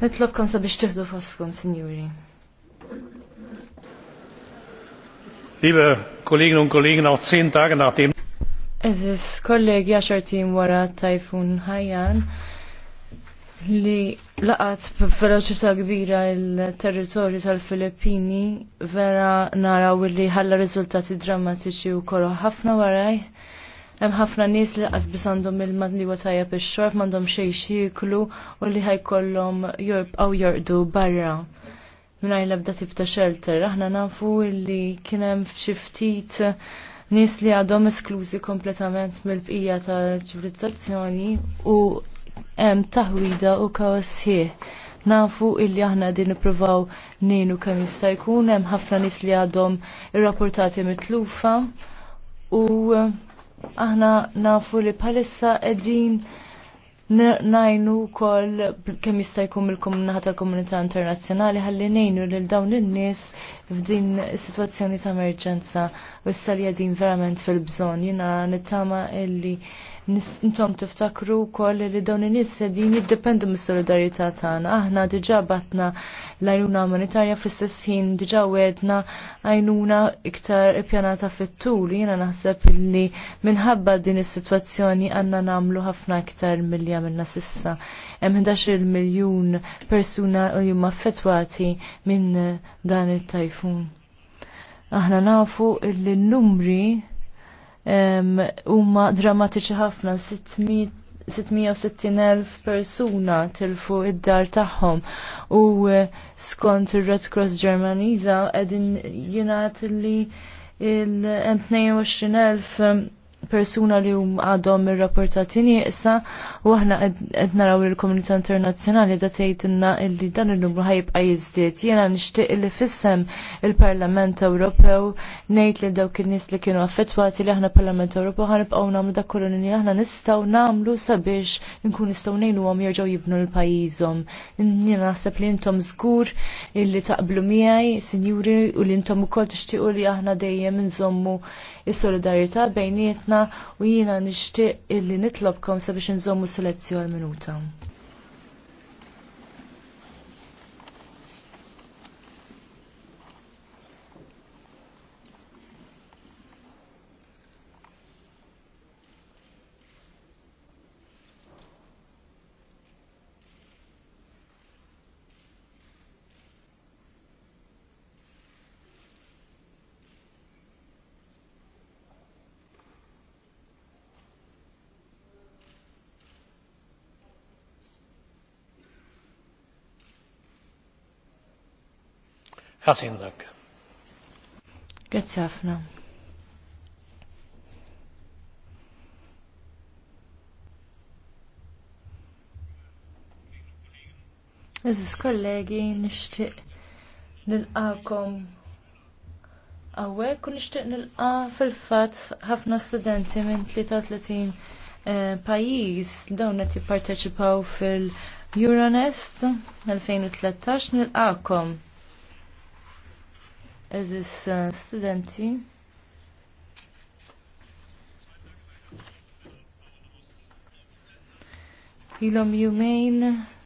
Nitlobkom sabiex tieħdu foskom, sinjuri. Liebe Kolleginnen und Kollegen, auch zehn Tage nachdem. Eżis, kollegi, għaxartin wara Taifun ħajjan li laqat b'veloċità kbira il-territorju tal-Filippini vera naraw li ħalla riżultati drammatiċi u kolo ħafna waraj. Hemm ħafna nies li qasbis għandhom il madliwa wa tajjeb ix-xorb m'għandhom xejn xieklu u li ħajkollhom jorbqgħu jorqdu barra. Mingħajr l-ebda tip ta' shelter, aħna nafu li kien hemm xi ftit nies li għadhom esklużi kompletament mill-bqija tal-ċivilizzazzjoni u hemm taħwida u kaos ħieħ nafu illi aħna din niprovaw nienu kemm jista' jkun hemm ħafna nies li għadhom irrapportati mitlufa u aħna nafu li bħalissa qegħdin najnu kol kemm jista' jkun il-komunità tal-komunità internazzjonali ħalli nejnu lil dawn in-nies f'din is-sitwazzjoni ta' emerġenza u s li għadin verament fil-bżonn. Jina nittama illi Intom tiftakru wkoll li dawn in-nies qegħdin jiddependu mis solidarietà tagħna. Aħna diġà batna l-għajnuna umanitarja fl sessin diġà wedna għajnuna iktar pjanata fit-tul. Jiena naħseb illi minħabba din is-sitwazzjoni għandna nagħmlu ħafna iktar milja għamilna sissa. Hemm 11 miljun persuna li huma affettwati minn dan it-tajfun. Aħna nafu li n-numri huma drammatiċi ħafna 660.000 persuna tilfu id-dar tagħhom u eh, skont ir-Red Cross Ġermaniża qegħdin jingħad li il-22.000 persuna li hum għadhom ir-rapportatini issa u aħna qed naraw il-komunità internazzjonali da tgħidilna illi dan il-numru ħajbqa' jiżdied. Jiena nixtieq li fissem il-Parlament Ewropew ngħid li dawk in-nies li kienu affettwati li aħna Parlament Ewropew ħanibqgħu nagħmlu dak kollu li aħna nistgħu nagħmlu sabiex nkun nistgħu ngħinuhom jerġgħu jibnu l pajjiżhom Jiena naħseb li intom żgur illi taqblu miegħi, sinjuri, u li intom ukoll tixtiequ li aħna dejjem inżommu is-solidarjetà bejnietna u jiena nixtieq illi nitlobkom sabiex nżommu selezzjoni minuta. Ħasin dak. Grazie ħafna. Eżis kollegi, nishtiq nilqakom għawek u nishtiq nilqa fil-fat ħafna studenti minn 33 eh, pajis dawn qed jipparteċipaw fil-Euronest 2013 nilqakom eżis eh, studenti. Ilom jumejn